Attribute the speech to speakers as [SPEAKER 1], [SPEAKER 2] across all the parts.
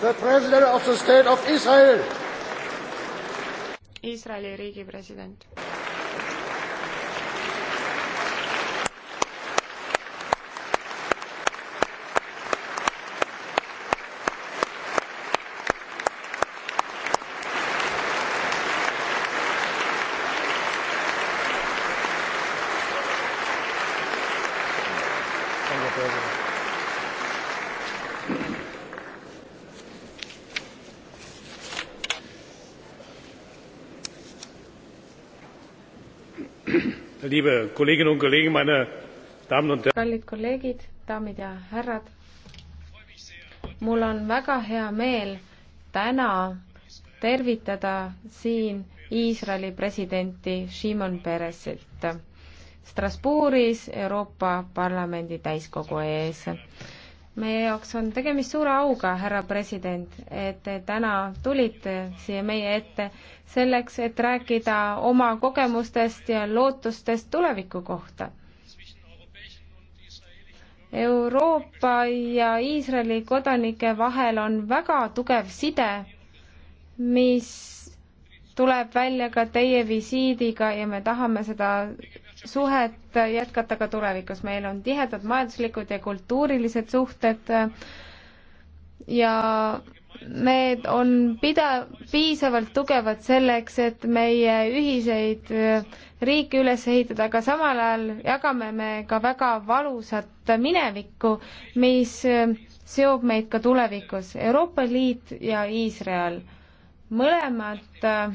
[SPEAKER 1] The President of the State of Israel.
[SPEAKER 2] Iisraeli riigi president
[SPEAKER 1] liebe Kolleginnen und Kollegen, meine Damen und Herren. kallid kolleegid, daamid ja härrad. mul on väga hea meel täna tervitada siin Iisraeli presidenti Shimon Peresilt Strasbourgis Euroopa Parlamendi täiskogu ees meie jaoks on tegemist suure auga, härra president, et te täna tulite siia meie ette selleks, et rääkida oma kogemustest ja lootustest tuleviku kohta. Euroopa ja Iisraeli kodanike vahel on väga tugev side, mis tuleb välja ka teie visiidiga ja me tahame seda suhet jätkata ka tulevikus. meil on tihedad majanduslikud ja kultuurilised suhted ja need on pida-, piisavalt tugevad selleks, et meie ühiseid äh, riike üles ehitada, aga samal ajal jagame me ka väga valusat minevikku, mis äh, seob meid ka tulevikus. Euroopa Liit ja Iisrael, mõlemad äh,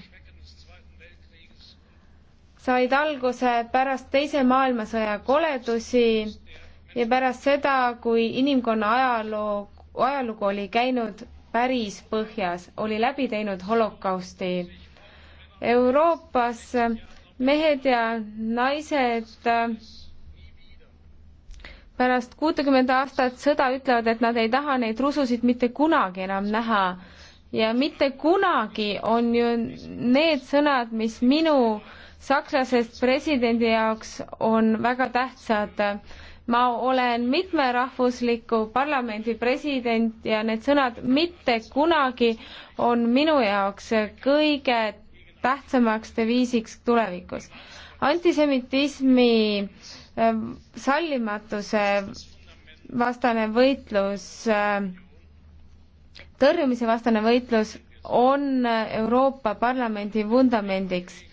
[SPEAKER 1] said alguse pärast Teise maailmasõja koledusi ja pärast seda, kui inimkonna ajaloo, ajalugu oli käinud päris põhjas, oli läbi teinud holokausti. Euroopas mehed ja naised pärast kuutekümmet aastat sõda ütlevad, et nad ei taha neid rususid mitte kunagi enam näha. ja mitte kunagi on ju need sõnad, mis minu äh, sakslasest presidendi jaoks on väga tähtsad. ma olen mitmerahvusliku parlamendi president ja need sõnad mitte kunagi on minu jaoks kõige tähtsamaks deviisiks tulevikus. antisemitismi ähm, sallimatuse vastane võitlus, ähm, tõrjumise vastane võitlus on Euroopa Parlamendi vundamendiks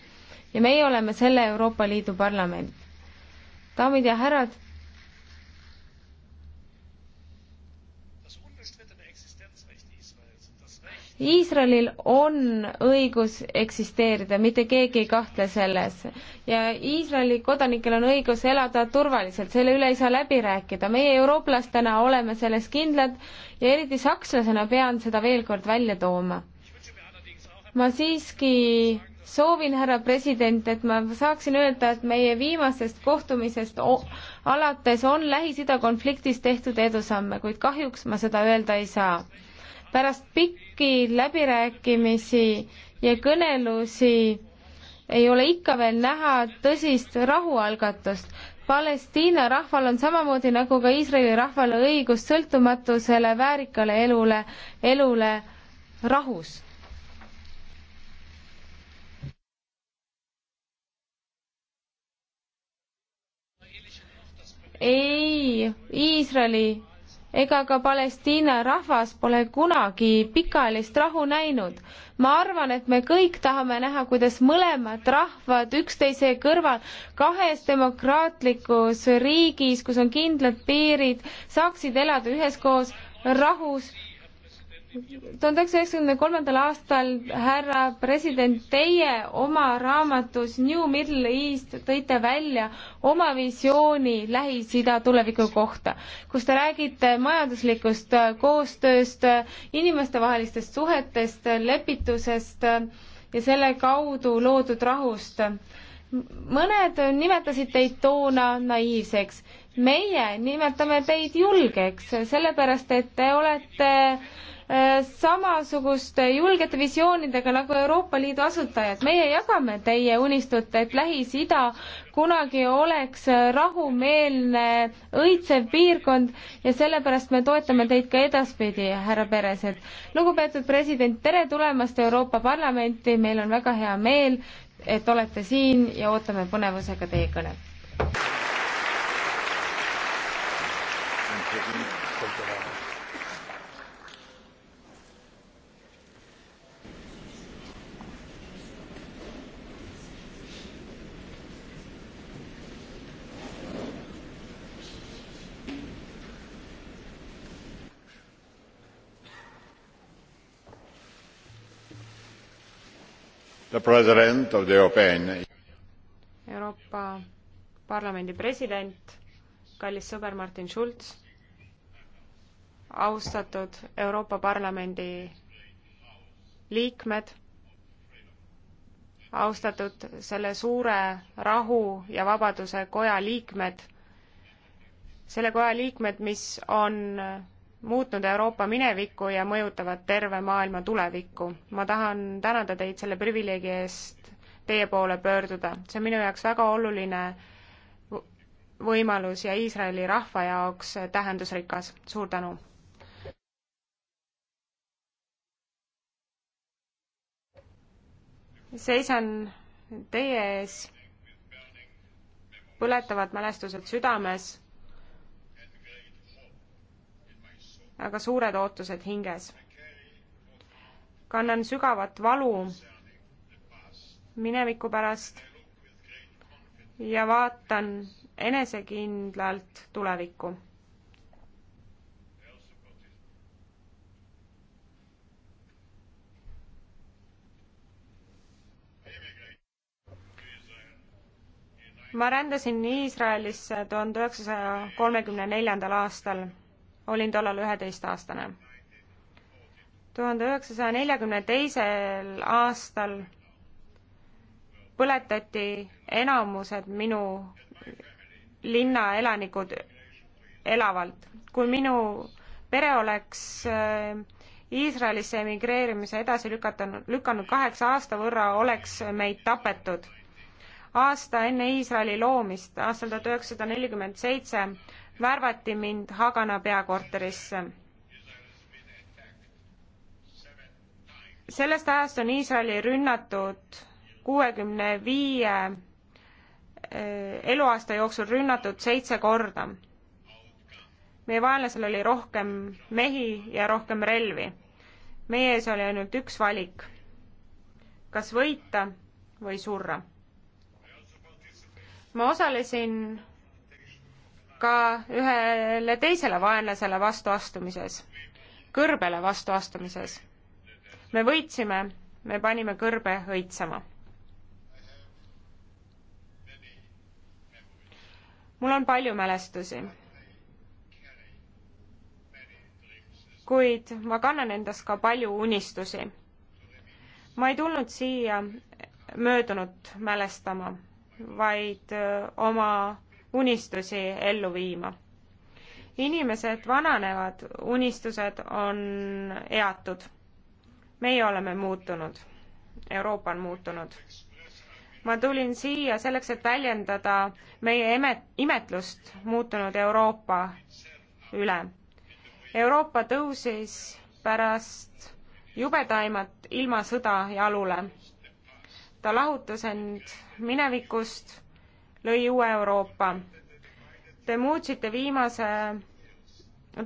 [SPEAKER 1] ja meie oleme selle Euroopa Liidu parlament. daamid ja härrad, Iisraelil on õigus eksisteerida, mitte keegi ei kahtle selles. ja Iisraeli kodanikel on õigus elada turvaliselt, selle üle ei saa läbi rääkida. meie eurooplastena oleme selles kindlad ja eriti sakslasena pean seda veel kord välja tooma. ma siiski soovin, härra president, et ma saaksin öelda, et meie viimasest kohtumisest alates on Lähis-Ida konfliktis tehtud edusamme, kuid kahjuks ma seda öelda ei saa. pärast pikki läbirääkimisi ja kõnelusi ei ole ikka veel näha tõsist rahualgatust. Palestiina rahval on samamoodi nagu ka Iisraeli rahval õigus sõltumatusele, väärikale elule, elule rahus ei Iisraeli ega ka Palestiina rahvas pole kunagi pikaajalist rahu näinud. ma arvan, et me kõik tahame näha, kuidas mõlemad rahvad üksteise kõrval kahes demokraatlikus riigis, kus on kindlad piirid, saaksid elada üheskoos rahus tuhande üheksasaja üheksakümne kolmandal aastal, härra president, teie oma raamatus New Middle East tõite välja oma visiooni Lähis-Ida tuleviku kohta, kus te räägite majanduslikust äh, koostööst, äh, inimestevahelistest suhetest, äh, lepitusest ja selle kaudu loodud rahust. mõned nimetasid teid toona naiivseks, meie nimetame teid julgeks, sellepärast et te olete Äh, samasuguste julgete visioonidega nagu Euroopa Liidu asutajad. meie jagame teie unistut, et Lähis-Ida kunagi oleks rahumeelne õitsev piirkond ja sellepärast me toetame teid ka edaspidi, härra Peres, et lugupeetud president, tere tulemast Euroopa Parlamenti, meil on väga hea meel, et olete siin ja ootame põnevusega teie kõnet. Thank you.
[SPEAKER 2] Euroopa Parlamendi president, kallis sõber Martin Schulz, austatud Euroopa Parlamendi liikmed, austatud selle suure rahu ja vabaduse koja liikmed, selle koja liikmed, mis on muutnud Euroopa minevikku ja mõjutavad terve maailma tulevikku. ma tahan tänada teid selle privileegi eest teie poole pöörduda, see on minu jaoks väga oluline võimalus ja Iisraeli rahva jaoks tähendusrikas, suur tänu! seisan teie ees, põletavad mälestused südames aga suured ootused hinges. kannan sügavat valu mineviku pärast ja vaatan enesekindlalt tulevikku. ma rändasin Iisraelisse tuhande üheksasaja kolmekümne neljandal aastal olin tollal üheteistaastane. tuhande üheksasaja neljakümne teisel aastal põletati enamused minu linnaelanikud elavalt. kui minu pere oleks äh, Iisraelisse emigreerimise edasi lükatanud, lükanud kaheksa aasta võrra, oleks meid tapetud. aasta enne Iisraeli loomist, aastal tuhat üheksasada nelikümmend seitse, värvati mind Hagana peakorterisse. sellest ajast on Iisraeli rünnatud kuuekümne viie eh, eluaasta jooksul rünnatud seitse korda. meie vaenlasel oli rohkem mehi ja rohkem relvi. meie ees oli ainult üks valik, kas võita või surra. ma osalesin ka ühele teisele vaenlasele vastuastumises, kõrbele vastuastumises. me võitsime, me panime kõrbe õitsema. mul on palju mälestusi. kuid ma kannan endas ka palju unistusi. ma ei tulnud siia möödunut mälestama, vaid oma unistusi ellu viima. inimesed vananevad, unistused on eatud. meie oleme muutunud. Euroopa on muutunud. ma tulin siia selleks, et väljendada meie ime-, imetlust muutunud Euroopa üle. Euroopa tõusis pärast jubedaimat ilmasõda jalule. ta lahutas end minevikust lõi uue Euroopa. Te muutsite viimase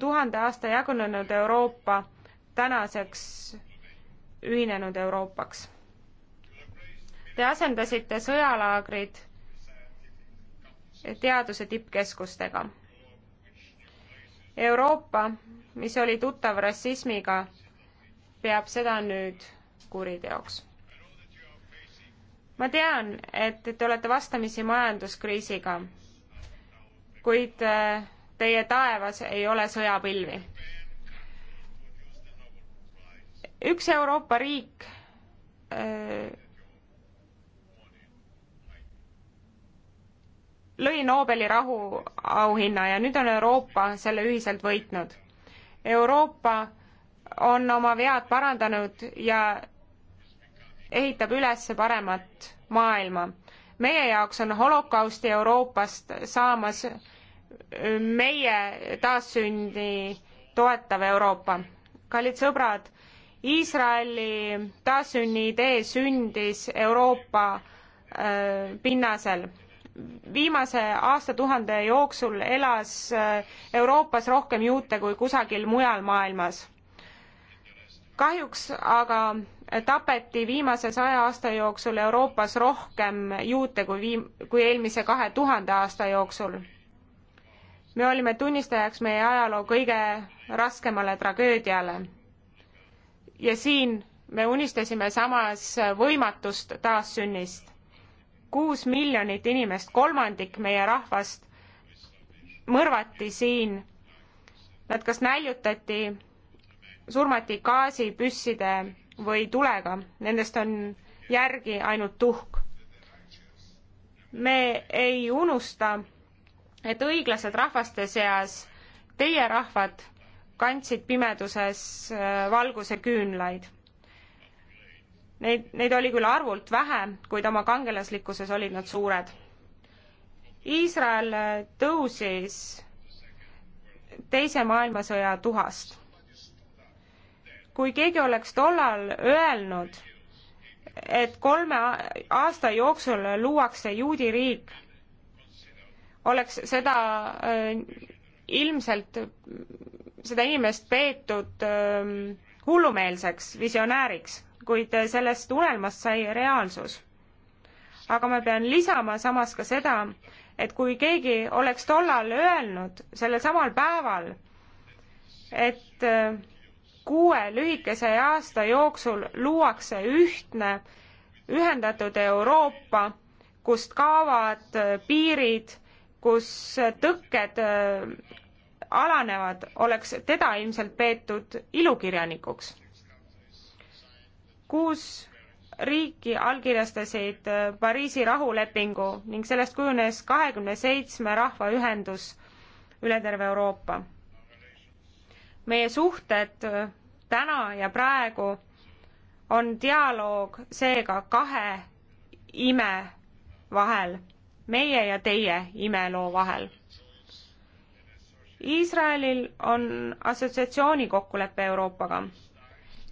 [SPEAKER 2] tuhande aasta jagunenud Euroopa tänaseks ühinenud Euroopaks. Te asendasite sõjalaagrid teaduse tippkeskustega. Euroopa, mis oli tuttav rassismiga, peab seda nüüd kuriteoks ma tean, et te olete vastamisi majanduskriisiga, kuid äh, teie taevas ei ole sõjapilvi. üks Euroopa riik öö, äh, lõi Nobeli rahuauhinna ja nüüd on Euroopa selle ühiselt võitnud. Euroopa on oma vead parandanud ja ehitab üles paremat maailma. meie jaoks on holokausti Euroopast saamas meie taassündi toetav Euroopa. kallid sõbrad, Iisraeli taassünni idee sündis Euroopa äh, pinnasel viimase aastatuhande jooksul elas Euroopas rohkem juute kui kusagil mujal maailmas. kahjuks aga tapeti viimase saja aasta jooksul Euroopas rohkem juute kui viim-, kui eelmise kahe tuhande aasta jooksul. me olime tunnistajaks meie ajaloo kõige raskemale tragöödiale. ja siin me unistasime samas võimatust taassünnist. kuus miljonit inimest, kolmandik meie rahvast, mõrvati siin. Nad kas näljutati, surmati gaasipüsside või tulega, nendest on järgi ainult tuhk. me ei unusta, et õiglased rahvaste seas teie rahvad kandsid pimeduses äh, valguse küünlaid. Neid, neid oli küll arvult vähe, kuid oma kangelaslikkuses olid nad suured. Iisrael tõusis Teise maailmasõja tuhast kui keegi oleks tollal öelnud, et kolme aasta jooksul luuakse juudi riik, oleks seda äh, ilmselt, seda inimest peetud ähm, hullumeelseks visionääriks, kuid äh, sellest unelmast sai reaalsus. aga ma pean lisama samas ka seda, et kui keegi oleks tollal öelnud sellel samal päeval, et äh, kuue lühikese aasta jooksul luuakse ühtne ühendatud Euroopa, kust kaovad äh, piirid, kus äh, tõkked äh, alanevad, oleks teda ilmselt peetud ilukirjanikuks. kuus riiki allkirjastasid Pariisi rahulepingu ning sellest kujunes kahekümne seitsme rahvaühendus üle terve Euroopa meie suhted äh, täna ja praegu on dialoog seega kahe ime vahel, meie ja teie imeloo vahel. Iisraelil on assotsiatsiooni kokkulepe Euroopaga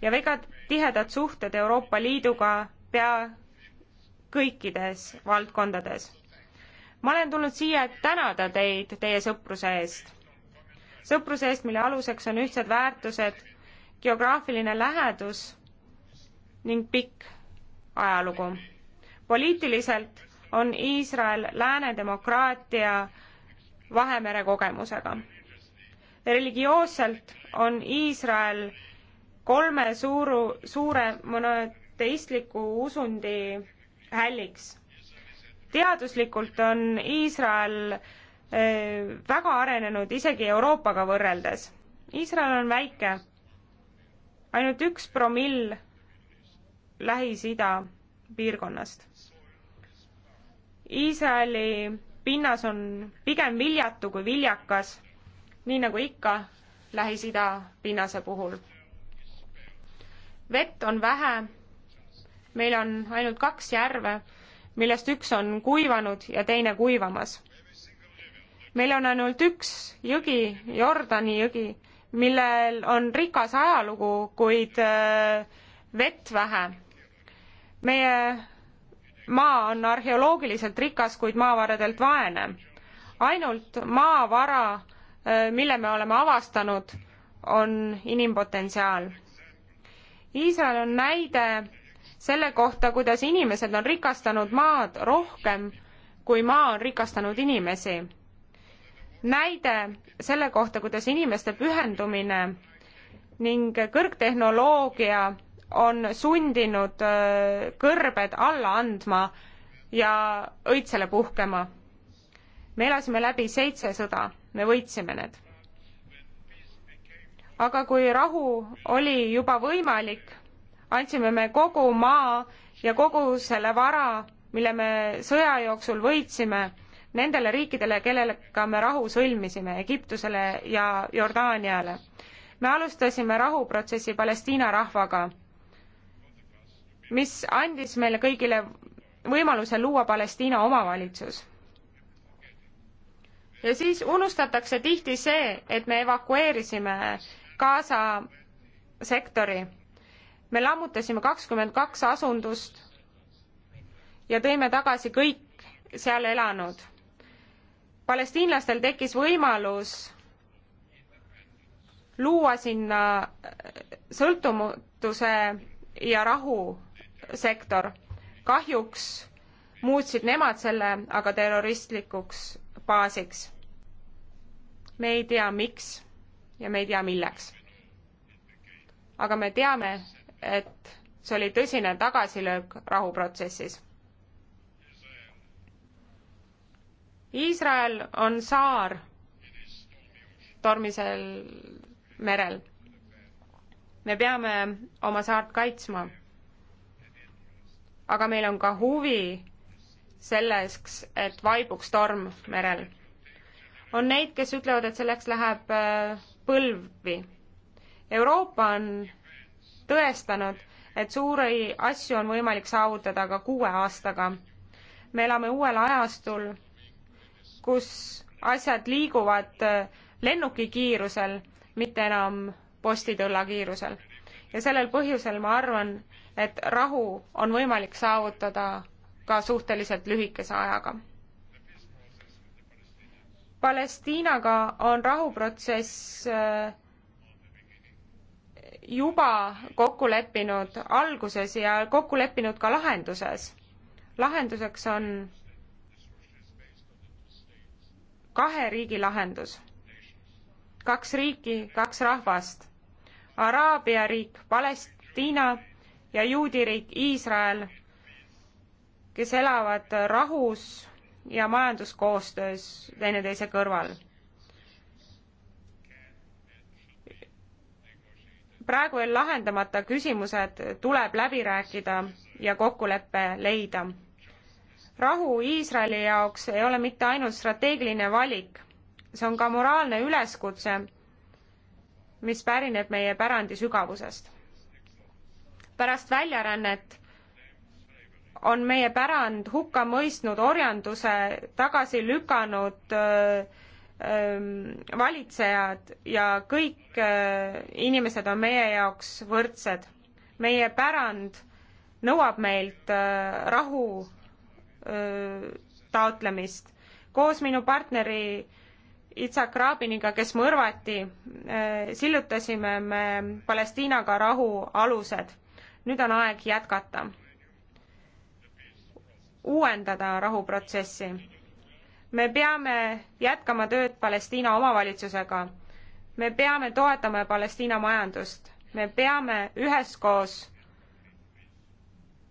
[SPEAKER 2] ja väga tihedad suhted Euroopa Liiduga pea kõikides valdkondades. ma olen tulnud siia, et tänada teid teie sõpruse eest sõpruse eest, mille aluseks on ühtsed väärtused, geograafiline lähedus ning pikk ajalugu. poliitiliselt on Iisrael lääne demokraatia Vahemere kogemusega. religioosselt on Iisrael kolme suuru, suure monoteistliku usundi hälliks. teaduslikult on Iisrael Äh, väga arenenud isegi Euroopaga võrreldes. Iisrael on väike, ainult üks promill Lähis-Ida piirkonnast. Iisraeli pinnas on pigem viljatu kui viljakas, nii nagu ikka Lähis-Ida pinnase puhul. vett on vähe, meil on ainult kaks järve, millest üks on kuivanud ja teine kuivamas meil on ainult üks jõgi, Jordani jõgi, millel on rikas ajalugu, kuid äh, vett vähe. meie maa on arheoloogiliselt rikas, kuid maavaradelt vaene. ainult maavara, äh, mille me oleme avastanud, on inimpotentsiaal. Iisrael on näide selle kohta, kuidas inimesed on rikastanud maad rohkem, kui maa on rikastanud inimesi näide selle kohta, kuidas inimeste pühendumine ning kõrgtehnoloogia on sundinud äh, kõrbed alla andma ja õitsele puhkema. me elasime läbi seitse sõda, me võitsime need. aga kui rahu oli juba võimalik, andsime me kogu maa ja kogu selle vara, mille me sõja jooksul võitsime nendele riikidele, kellega me rahu sõlmisime, Egiptusele ja Jordaaniale. me alustasime rahuprotsessi Palestiina rahvaga, mis andis meile kõigile võimaluse luua Palestiina omavalitsus. ja siis unustatakse tihti see, et me evakueerisime Gaza sektori. me lammutasime kakskümmend kaks asundust ja tõime tagasi kõik seal elanud palestiinlastel tekkis võimalus luua sinna äh, sõltumatuse ja rahu sektor. kahjuks muutsid nemad selle aga terroristlikuks baasiks. me ei tea, miks ja me ei tea, milleks. aga me teame, et see oli tõsine tagasilöök rahuprotsessis Iisrael on saar tormisel merel. me peame oma saart kaitsma. aga meil on ka huvi selleks, et vaibuks torm merel. on neid, kes ütlevad, et selleks läheb äh, põlvi. Euroopa on tõestanud, et suuri asju on võimalik saavutada ka kuue aastaga. me elame uuel ajastul kus asjad liiguvad äh, lennukikiirusel, mitte enam postitulla kiirusel. ja sellel põhjusel ma arvan, et rahu on võimalik saavutada ka suhteliselt lühikese ajaga. Palestiinaga on rahuprotsess äh, juba kokku leppinud alguses ja kokku leppinud ka lahenduses. lahenduseks on kahe riigi lahendus. kaks riiki, kaks rahvast. Araabia riik Palestiina ja juudi riik Iisrael, kes elavad rahus ja majanduskoostöös teineteise kõrval. praegu veel lahendamata küsimused tuleb läbi rääkida ja kokkulepe leida rahu Iisraeli jaoks ei ole mitte ainult strateegiline valik, see on ka moraalne üleskutse, mis pärineb meie pärandi sügavusest. pärast väljarännet on meie pärand hukka mõistnud orjanduse, tagasi lükanud öö, öö, valitsejad ja kõik öö, inimesed on meie jaoks võrdsed. meie pärand nõuab meilt rahu taotlemist. koos minu partneri Itzak Rabiniga, kes mõrvati, sillutasime me Palestiinaga rahu alused. nüüd on aeg jätkata, uuendada rahuprotsessi. me peame jätkama tööd Palestiina omavalitsusega. me peame toetama Palestiina majandust. me peame üheskoos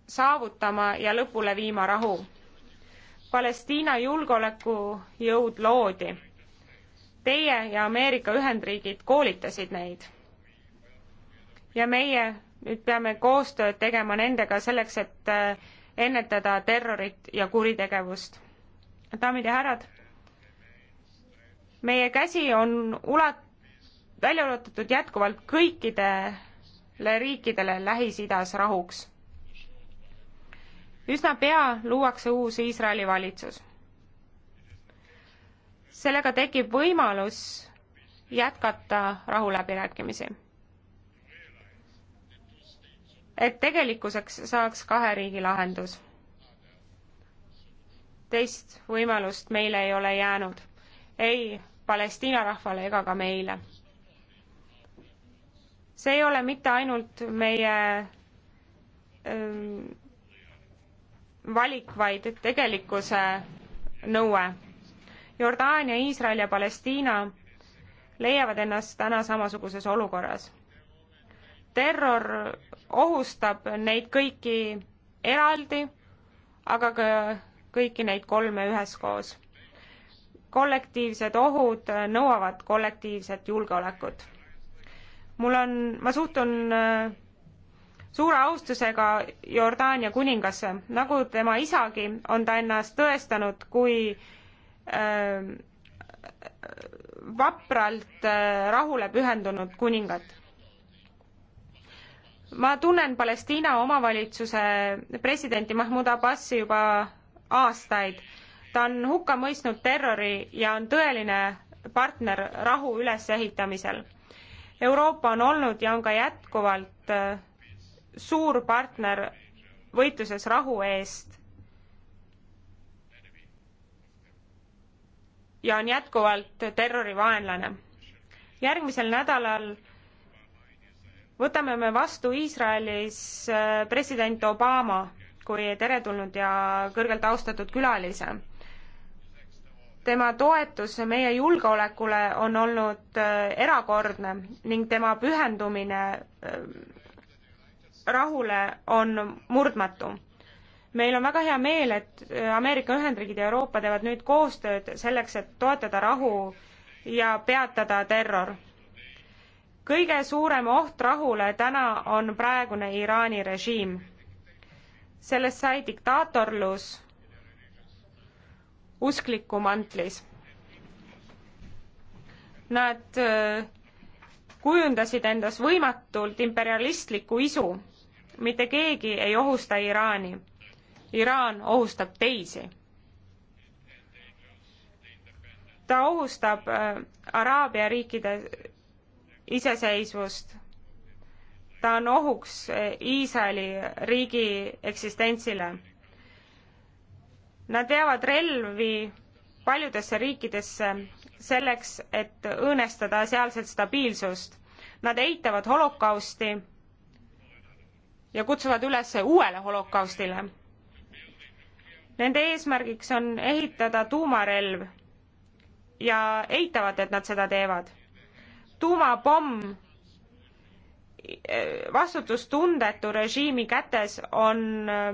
[SPEAKER 2] saavutama ja lõpule viima rahu Palestiina julgeolekujõud loodi. Teie ja Ameerika Ühendriigid koolitasid neid. ja meie nüüd peame koostööd tegema nendega selleks, et äh, ennetada terrorit ja kuritegevust. daamid ja härrad, meie käsi on ulat-, välja ulatatud jätkuvalt kõikidele riikidele Lähis-Idas rahuks üsna pea luuakse uus Iisraeli valitsus. sellega tekib võimalus jätkata rahuläbirääkimisi. et tegelikkuseks saaks kahe riigi lahendus. teist võimalust meile ei ole jäänud, ei Palestiina rahvale ega ka meile. see ei ole mitte ainult meie öö, ähm, valik, vaid tegelikkuse nõue. Jordaania, Iisrael ja Palestiina leiavad ennast täna samasuguses olukorras. terror ohustab neid kõiki eraldi, aga ka kõiki neid kolme üheskoos. kollektiivsed ohud nõuavad kollektiivset julgeolekut. mul on, ma suhtun äh, suure austusega Jordaania kuningasse. nagu tema isagi, on ta ennast tõestanud kui äh, vapralt äh, rahule pühendunud kuningat. ma tunnen Palestiina omavalitsuse presidenti Mahmoud Abbasi juba aastaid. ta on hukka mõistnud terrori ja on tõeline partner rahu ülesehitamisel. Euroopa on olnud ja on ka jätkuvalt äh, suur partner võitluses rahu eest ja on jätkuvalt terrorivaenlane. järgmisel nädalal võtame me vastu Iisraelis äh, president Obama kui teretulnud ja kõrgelt austatud külalise. tema toetus meie julgeolekule on olnud äh, erakordne ning tema pühendumine äh, rahule on murdmatu. meil on väga hea meel, et äh, Ameerika Ühendriigid ja Euroopa teevad nüüd koostööd selleks, et toetada rahu ja peatada terror. kõige suurem oht rahule täna on praegune Iraani režiim. sellest sai diktaatorlus uskliku mantlis. Nad äh, kujundasid endas võimatult imperialistlikku isu mitte keegi ei ohusta Iraani. Iraan ohustab teisi. ta ohustab äh, Araabia riikide iseseisvust. ta on ohuks äh, Iisraeli riigi eksistentsile. Nad veavad relvi paljudesse riikidesse selleks, et õõnestada sealset stabiilsust. Nad eitavad holokausti ja kutsuvad üles uuele holokaustile. Nende eesmärgiks on ehitada tuumarelv ja eitavad, et nad seda teevad. tuumapomm äh, vastutustundetu režiimi kätes on öö,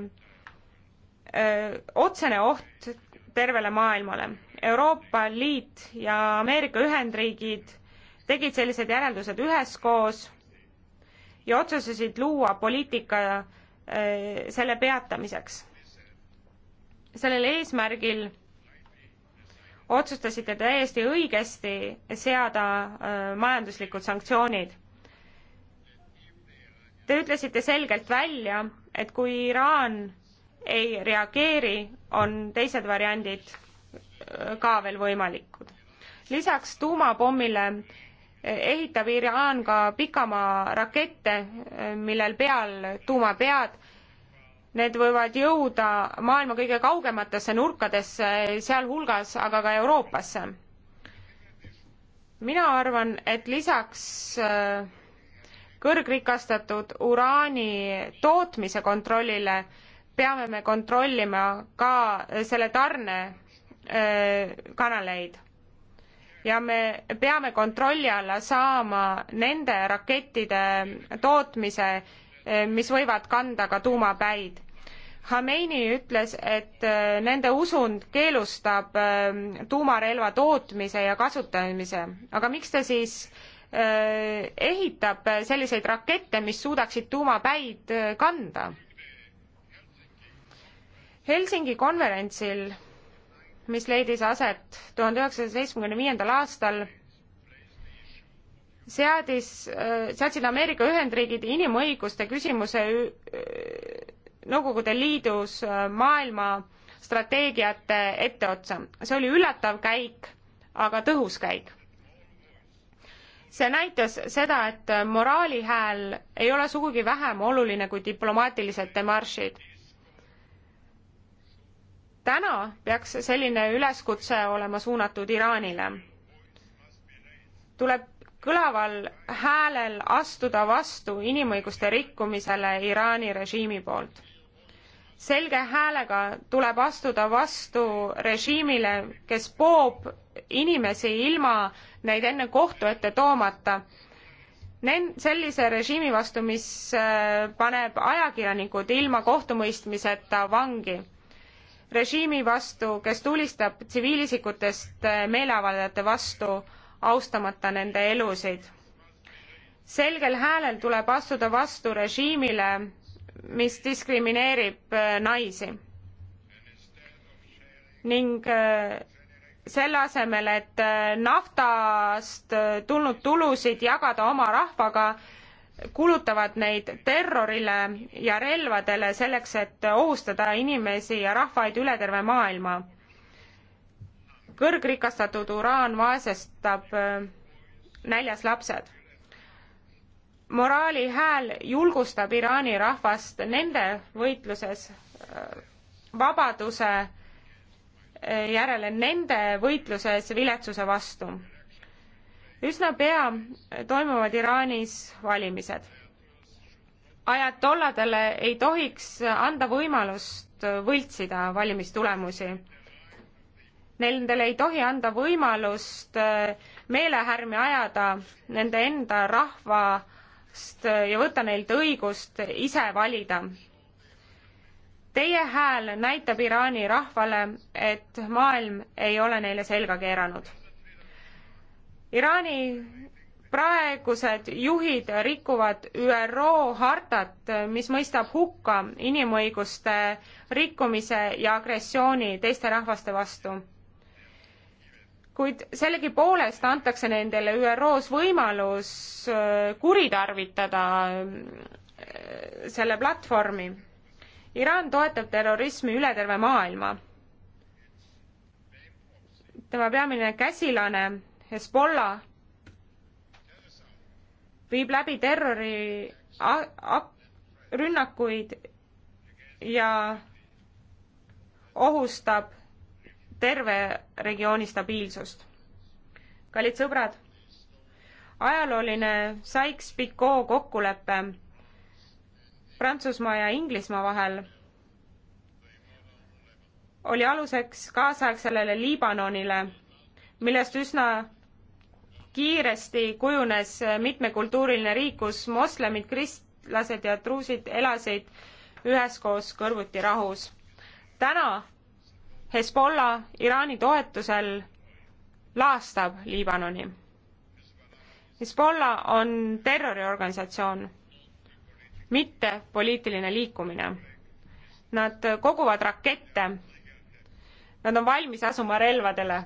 [SPEAKER 2] äh, otsene oht tervele maailmale. Euroopa Liit ja Ameerika Ühendriigid tegid sellised järeldused üheskoos ja otsusesid luua poliitika eh, selle peatamiseks. sellel eesmärgil otsustasite täiesti õigesti seada eh, majanduslikud sanktsioonid. Te ütlesite selgelt välja, et kui Iraan ei reageeri, on teised variandid eh, ka veel võimalikud. lisaks tuumapommile ehitab Iraan ka pikamaa rakette, millel peal tuumapead. Need võivad jõuda maailma kõige kaugematesse nurkadesse, sealhulgas aga ka Euroopasse. mina arvan, et lisaks äh, kõrgrikastatud uraani tootmise kontrollile peame me kontrollima ka selle tarne äh, kanaleid ja me peame kontrolli alla saama nende rakettide tootmise, mis võivad kanda ka tuumapäid. Hameini ütles, et äh, nende usund keelustab äh, tuumarelva tootmise ja kasutamise, aga miks ta siis äh, ehitab selliseid rakette, mis suudaksid tuumapäid kanda? Helsingi konverentsil mis leidis aset tuhande üheksasaja seitsmekümne viiendal aastal, seadis, seadsid Ameerika Ühendriigid inimõiguste küsimuse Nõukogude Liidus äh, maailma strateegiate etteotsa. see oli üllatav käik, aga tõhus käik. see näitas seda, et moraali hääl ei ole sugugi vähem oluline kui diplomaatilised demaršid täna peaks selline üleskutse olema suunatud Iraanile. tuleb kõlaval häälel astuda vastu inimõiguste rikkumisele Iraani režiimi poolt selge häälega tuleb astuda vastu režiimile, kes poob inimesi ilma neid enne kohtu ette toomata. Nen-, sellise režiimi vastu, mis äh, paneb ajakirjanikud ilma kohtumõistmiseta vangi režiimi vastu, kes tulistab tsiviilisikutest eh, meeleavaldajate vastu, austamata nende elusid. selgel häälel tuleb astuda vastu režiimile, mis diskrimineerib eh, naisi. ning eh, selle asemel, et naftast tulnud tulusid jagada oma rahvaga, kulutavad neid terrorile ja relvadele selleks, et ohustada inimesi ja rahvaid üle terve maailma. kõrgrikastatud uraan vaesestab äh, näljas lapsed. moraali hääl julgustab Iraani rahvast nende võitluses äh, vabaduse äh, järele, nende võitluses viletsuse vastu üsna pea toimuvad Iraanis valimised. ajad tolladele ei tohiks anda võimalust võltsida valimistulemusi. Nendele ei tohi anda võimalust eh, meelehärmi ajada nende enda rahvast ja võtta neilt õigust ise valida. Teie hääl näitab Iraani rahvale, et maailm ei ole neile selga keeranud Iraani praegused juhid rikuvad ÜRO hartat, mis mõistab hukka inimõiguste rikkumise ja agressiooni teiste rahvaste vastu. kuid sellegipoolest antakse nendele ÜRO-s võimalus äh, kuritarvitada äh, selle platvormi. Iraan toetab terrorismi üle terve maailma. tema peamine käsilane Hezbollah viib läbi terrori rünnakuid ja ohustab terve regiooni stabiilsust. kallid sõbrad, ajalooline Sykes-Picot kokkulepe Prantsusmaa ja Inglismaa vahel oli aluseks kaasaegsele Liibanonile, millest üsna kiiresti kujunes mitmekultuuriline riik, kus moslemid, kristlased ja truusid elasid üheskoos kõrvuti rahus. täna Hezbollah Iraani toetusel laastab Liibanoni. Hezbollah on terroriorganisatsioon, mitte poliitiline liikumine. Nad koguvad rakette, nad on valmis asuma relvadele,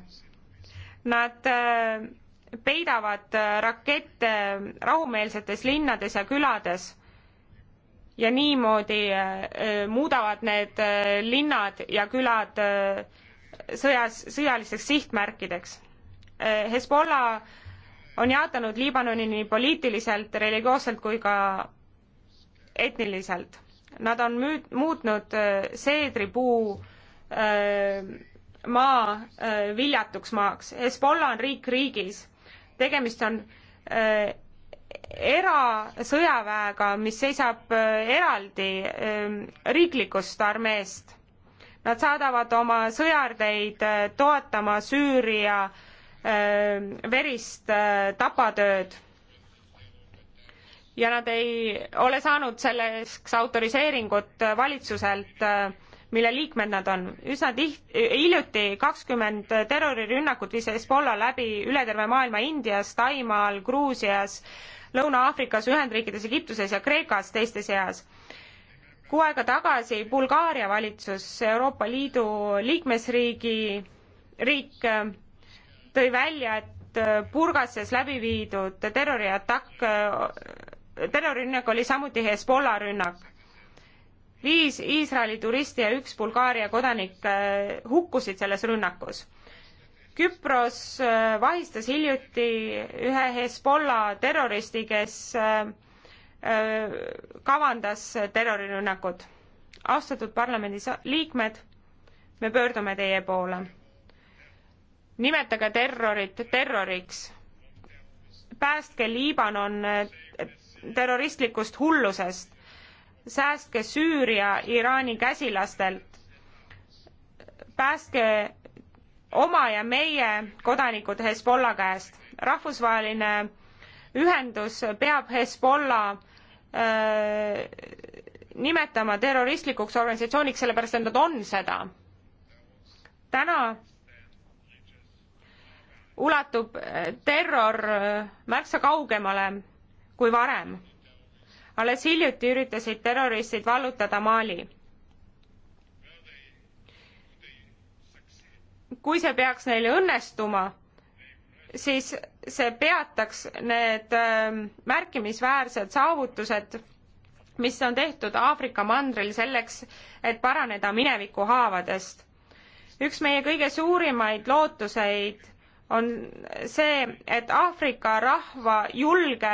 [SPEAKER 2] nad äh, peidavad äh, rakette äh, rahumeelsetes linnades ja külades ja niimoodi äh, muudavad need linnad ja külad sõjas, sõjalisteks sihtmärkideks. Hezbollah on jaotanud Liibanoni nii poliitiliselt, religioosselt kui ka etniliselt. Nad on müü-, muutnud seedripuu maa viljatuks maaks. Hezbollah on riik riigis tegemist on äh, erasõjaväega, mis seisab äh, eraldi äh, riiklikust armeest. Nad saadavad oma sõjardeid äh, toetama Süüria äh, verist äh, tapatööd ja nad ei ole saanud selleks autoriseeringut äh, valitsuselt äh, mille liikmed nad on. üsna tiht-, hiljuti kakskümmend terrorirünnakut viis Hezbollah läbi üle terve maailma Indias, Taimaal, Gruusias, Lõuna-Aafrikas, Ühendriikides, Egiptuses ja Kreekas teiste seas. Kuu aega tagasi Bulgaaria valitsus, Euroopa Liidu liikmesriigi, riik tõi välja, et Burgases läbi viidud terroriatakk, terrorirünnak oli samuti Hezbollah rünnak viis Iisraeli turisti ja üks Bulgaaria kodanik äh, hukkusid selles rünnakus. Küpros äh, vahistas hiljuti ühe Hezbollah terroristi, kes äh, kavandas terrorirünnakut. austatud parlamendi liikmed, me pöördume teie poole. nimetage terrorit terroriks. päästke Liibanon terroristlikust hullusest säästke Süüria Iraani käsilastelt. päästke oma ja meie kodanikud Hezbollah käest. rahvusvaheline ühendus peab Hezbollah öö, äh, nimetama terroristlikuks organisatsiooniks, sellepärast et nad on seda. täna ulatub äh, terror äh, märksa kaugemale kui varem alles hiljuti üritasid terroristid vallutada Mali. kui see peaks neile õnnestuma, siis see peataks need ähm, märkimisväärsed saavutused, mis on tehtud Aafrika mandril selleks, et paraneda mineviku haavadest. üks meie kõige suurimaid lootuseid on see, et Aafrika rahva julge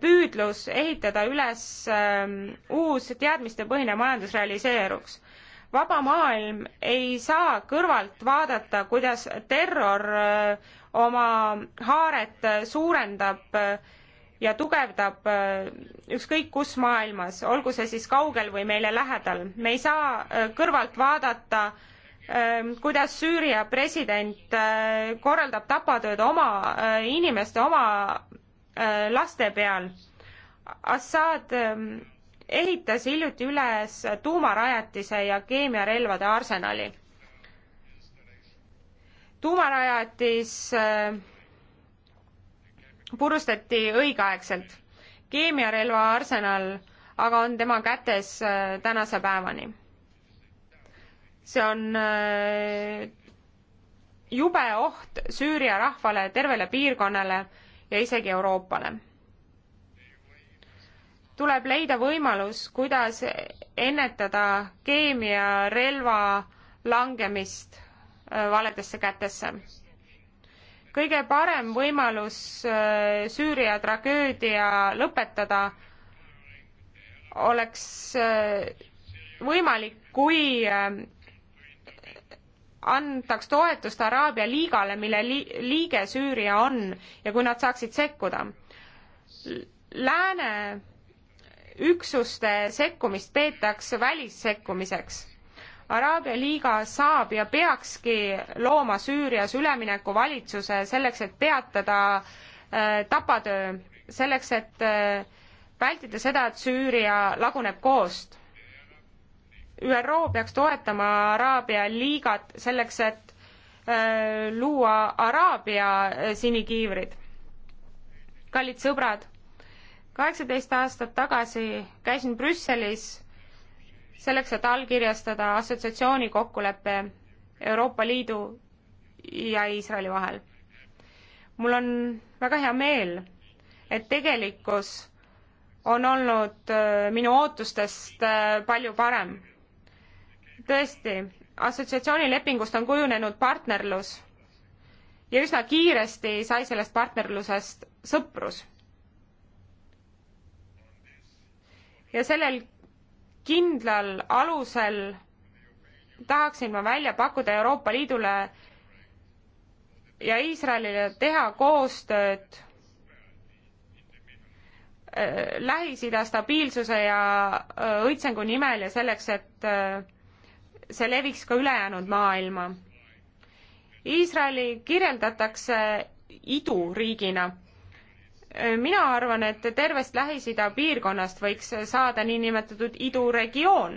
[SPEAKER 2] püüdlus ehitada üles ähm, uus teadmistepõhine majandus realiseeruks. vaba maailm ei saa kõrvalt vaadata, kuidas terror äh, oma haaret äh, suurendab äh, ja tugevdab ükskõik kus maailmas, olgu see siis kaugel või meile lähedal. me ei saa kõrvalt vaadata, ähm, kuidas Süüria president korraldab tapatööd oma inimeste, oma Äh, laste peal. Assad ähm, ehitas hiljuti üles tuumarajatise ja keemiarelvade arsenali. tuumarajatis äh, purustati õigeaegselt. keemiarelva arsenal aga on tema kätes äh, tänase päevani. see on jube oht Süüria rahvale, tervele piirkonnale ja isegi Euroopale. tuleb leida võimalus, kuidas ennetada keemiarelva langemist äh, valedesse kätesse. kõige parem võimalus äh, Süüria tragöödia lõpetada oleks äh, võimalik, kui antaks toetust Araabia liigale, mille liige Süüria on ja kui nad saaksid sekkuda. Lääne üksuste sekkumist peetakse välissekkumiseks. Araabia liiga saab ja peakski looma Süürias üleminekuvalitsuse selleks, et peatada äh, tapatöö, selleks, et äh, vältida seda, et Süüria laguneb koost ÜRO peaks toetama Araabia liigat selleks, et äh, luua Araabia äh, sinikiivrid. kallid sõbrad, kaheksateist aastat tagasi käisin Brüsselis selleks, et allkirjastada assotsiatsiooni kokkulepe Euroopa Liidu ja Iisraeli vahel. mul on väga hea meel, et tegelikkus on olnud äh, minu ootustest äh, palju parem tõesti, assotsiatsioonilepingust on kujunenud partnerlus ja üsna kiiresti sai sellest partnerlusest sõprus. ja sellel kindlal alusel tahaksin ma välja pakkuda Euroopa Liidule ja Iisraelile teha koostööd äh, Lähis-Ida stabiilsuse ja äh, õitsengu nimel ja selleks, et äh, see leviks ka ülejäänud maailma. Iisraeli kirjeldatakse iduriigina. mina arvan, et tervest Lähis-Ida piirkonnast võiks saada niinimetatud iduregioon.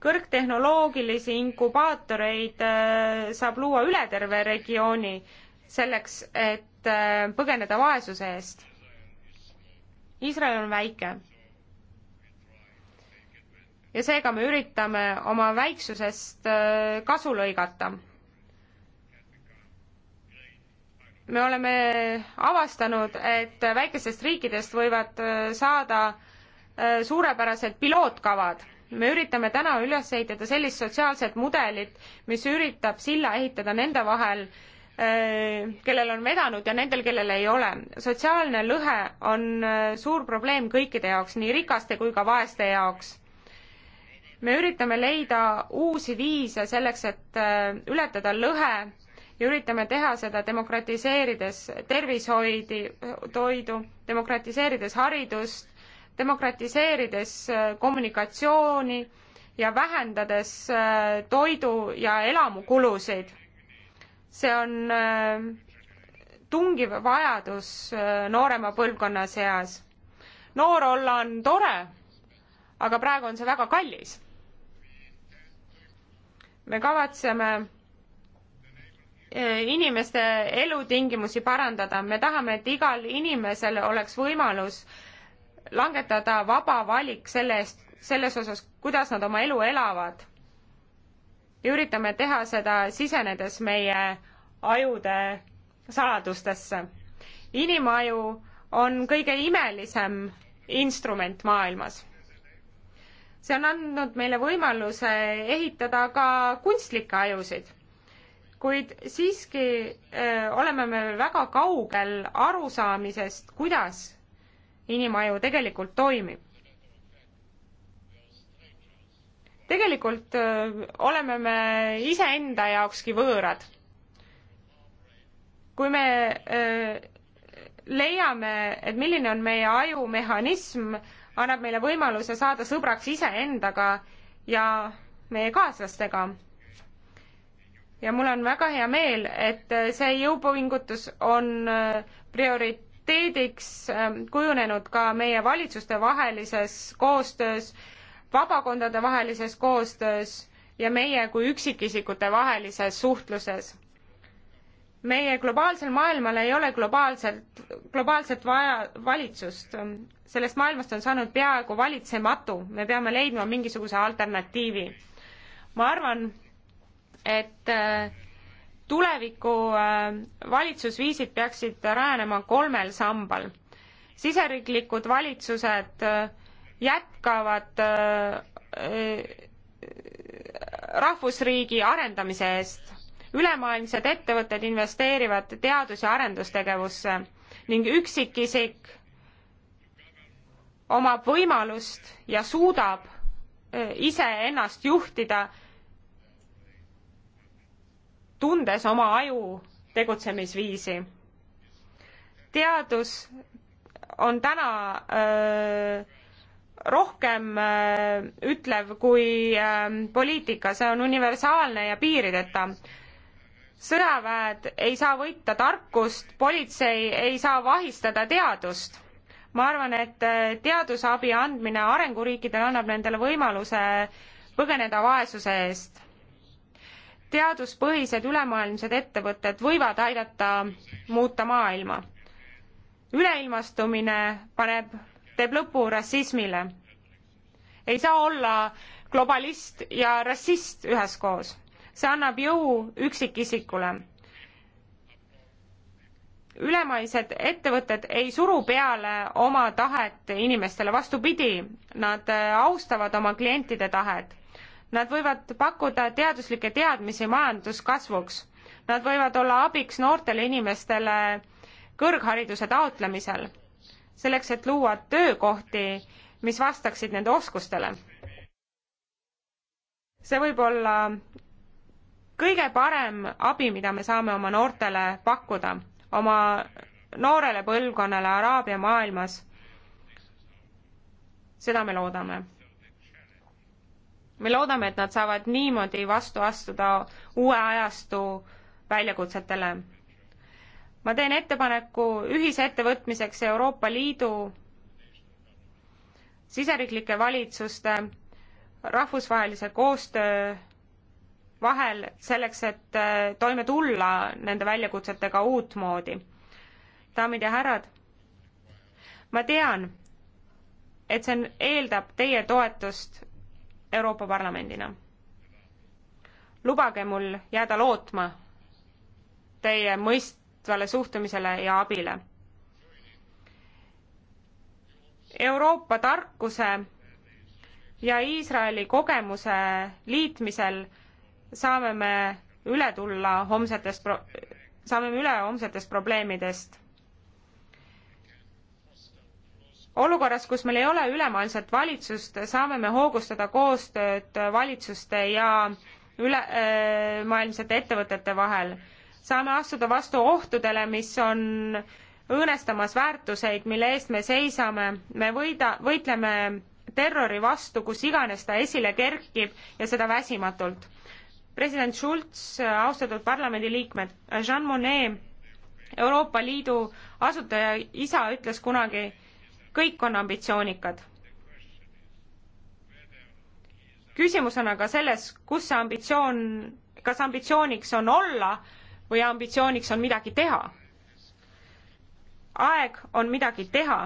[SPEAKER 2] kõrgtehnoloogilisi inkubaatoreid äh, saab luua üle terve regiooni selleks, et äh, põgeneda vaesuse eest. Iisrael on väike ja seega me üritame oma väiksusest äh, kasu lõigata. me oleme avastanud, et väikestest riikidest võivad äh, saada äh, suurepärased pilootkavad. me üritame täna üles ehitada sellist sotsiaalset mudelit, mis üritab silla ehitada nende vahel, kellel on vedanud ja nendel, kellel ei ole. sotsiaalne lõhe on suur probleem kõikide jaoks, nii rikaste kui ka vaeste jaoks me üritame leida uusi viise selleks, et äh, ületada lõhe ja üritame teha seda demokratiseerides tervishoidi, toidu, demokratiseerides haridust, demokratiseerides äh, kommunikatsiooni ja vähendades äh, toidu ja elamukulusid. see on tungiv vajadus noorema põlvkonna seas. noor olla on tore, aga praegu on see väga kallis me kavatseme eh, inimeste elutingimusi parandada, me tahame, et igal inimesel oleks võimalus langetada vaba valik selle eest, selles osas, kuidas nad oma elu elavad. ja üritame teha seda sisenedes meie ajude saladustesse. inimaju on kõige imelisem instrument maailmas see on andnud meile võimaluse ehitada ka kunstlikke ajusid. kuid siiski öö, oleme me veel väga kaugel arusaamisest, kuidas inimaju tegelikult toimib. tegelikult öö, oleme me iseenda jaokski võõrad. kui me öö, leiame, et milline on meie ajumehhanism, annab meile võimaluse saada sõbraks iseendaga ja meie kaaslastega. ja mul on väga hea meel, et see jõupingutus on äh, prioriteediks ähm, kujunenud ka meie valitsuste vahelises koostöös, vabakondade vahelises koostöös ja meie kui üksikisikute vahelises suhtluses meie globaalsel maailmal ei ole globaalset globaalset vaja, valitsust. sellest maailmast on saanud peaaegu valitsematu, me peame leidma mingisuguse alternatiivi. ma arvan, et äh, tuleviku äh, valitsusviisid peaksid rajanema kolmel sambal. siseriiklikud valitsused äh, jätkavad rahvusriigi arendamise eest. ülemaailmsed ettevõtted investeerivad teadus- ja arendustegevusse ning üksikisik omab võimalust ja suudab eh, iseennast juhtida, tundes oma aju tegutsemisviisi. teadus on täna öö, eh, rohkem öö, eh, ütlev kui öö, poliitika, see on universaalne ja piirideta sõjaväed ei saa võita tarkust, politsei ei saa vahistada teadust. ma arvan, et äh, teadusabi andmine arenguriikidele annab nendele võimaluse põgeneda vaesuse eest. teaduspõhised ülemaailmsed ettevõtted võivad aidata muuta maailma. üleilmastumine paneb, teeb lõpu rassismile. ei saa olla globalist ja rassist üheskoos see annab jõu üksikisikule. ülemaised ettevõtted ei suru peale oma tahet inimestele, vastupidi, nad äh, austavad oma klientide tahet. Nad võivad pakkuda teaduslikke teadmisi majanduskasvuks. Nad võivad olla abiks noortele inimestele kõrghariduse taotlemisel, selleks et luua töökohti, mis vastaksid nende oskustele. see võib olla kõige parem abi, mida me saame oma noortele pakkuda, oma noorele põlvkonnale Araabia maailmas. seda me loodame. me loodame, et nad saavad niimoodi vastu astuda uue ajastu väljakutsetele. ma teen ettepaneku ühise ettevõtmiseks Euroopa Liidu siseriiklike valitsuste rahvusvahelise koostöö vahel selleks, et äh, toime tulla nende väljakutsetega uutmoodi. daamid ja härrad, ma tean, et see on, eeldab teie toetust Euroopa Parlamendina. lubage mul jääda lootma teie mõistvale suhtumisele ja abile. Euroopa tarkuse ja Iisraeli kogemuse liitmisel saame me üle tulla homsetest pro-, saame me üle homsetest probleemidest. olukorras, kus meil ei ole ülemaailmset valitsust, saame me hoogustada koostööd valitsuste ja ülemaailmsete ettevõtete vahel. saame astuda vastu ohtudele, mis on õõnestamas väärtuseid, mille eest me seisame, me võida, võitleme terrori vastu, kus iganes ta esile kerkib ja seda väsimatult president Schulz, austatud parlamendiliikmed, Jean Monnet, Euroopa Liidu asutaja isa ütles kunagi, kõik on ambitsioonikad. küsimus on aga selles, kus see ambitsioon, kas ambitsiooniks on olla või ambitsiooniks on midagi teha. aeg on midagi teha.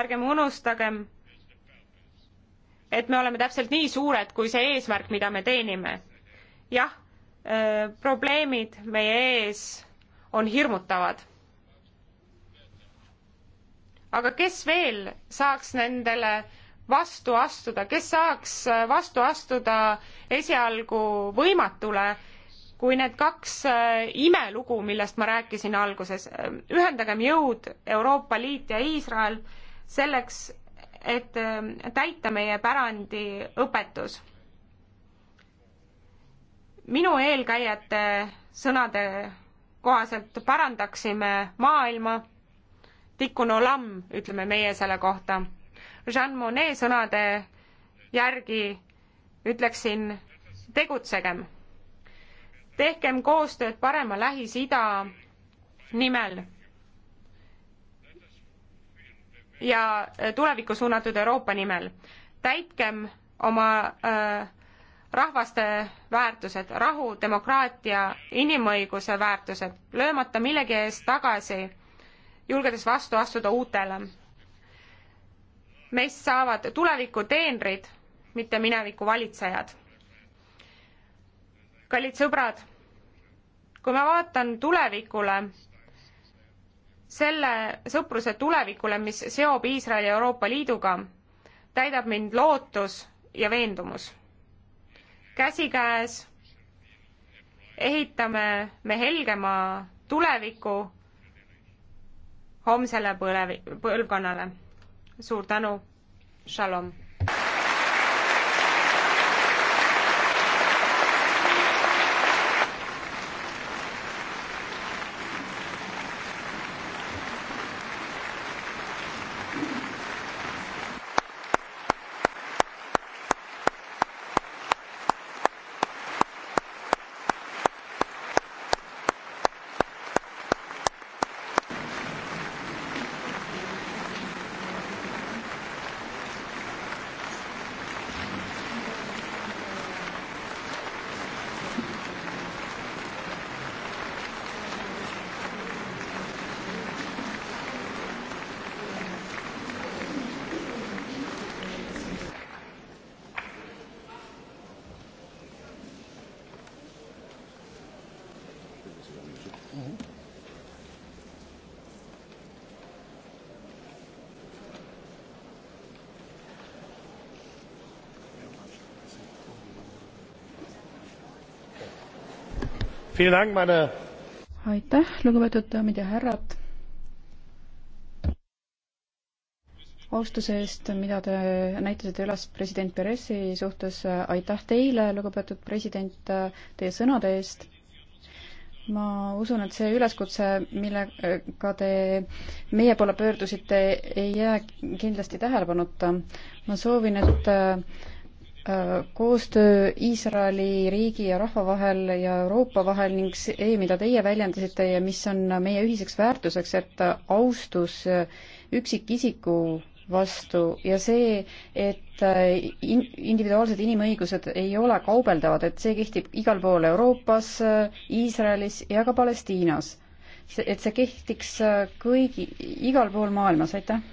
[SPEAKER 2] ärgem unustagem et me oleme täpselt nii suured kui see eesmärk, mida me teenime. jah, probleemid meie ees on hirmutavad. aga kes veel saaks nendele vastu astuda, kes saaks vastu astuda esialgu võimatule, kui need kaks imelugu, millest ma rääkisin alguses, ühendagem jõud Euroopa Liit ja Iisrael selleks, et ähm, täita meie pärandi õpetus. minu eelkäijate sõnade kohaselt parandaksime maailma, tikkuno lamm, ütleme meie selle kohta. Jean Monnet sõnade järgi ütleksin, tegutsegem. tehkem koostööd parema Lähis-Ida nimel ja äh, tulevikku suunatud Euroopa nimel. täitkem oma äh, rahvaste väärtused, rahu, demokraatia, inimõiguse väärtused, löömata millegi eest tagasi, julgedes vastu astuda uutele. meist saavad tuleviku teenrid, mitte mineviku valitsejad. kallid sõbrad, kui ma vaatan tulevikule, selle sõpruse tulevikule, mis seob Iisraeli Euroopa Liiduga, täidab mind lootus ja veendumus. käsikäes ehitame me helgema tuleviku homsele põlevi-, põlvkonnale. suur tänu, shalom!
[SPEAKER 1] aitäh, lugupeetud daamid ja härrad. austuse eest, mida te näitasite üles president Peresi suhtes, aitäh teile, lugupeetud president, teie sõnade eest ma usun, et see üleskutse, millega te meie poole pöördusite, ei jää kindlasti tähelepanuta. ma soovin, et Äh, koostöö Iisraeli riigi ja rahva vahel ja Euroopa vahel ning see, mida teie väljendasite ja mis on meie ühiseks väärtuseks, et austus üksikisiku vastu ja see, et äh, in-, individuaalsed inimõigused ei ole kaubeldavad, et see kehtib igal pool Euroopas, Iisraelis ja ka Palestiinas. see, et see kehtiks äh, kõigi, igal pool maailmas, aitäh!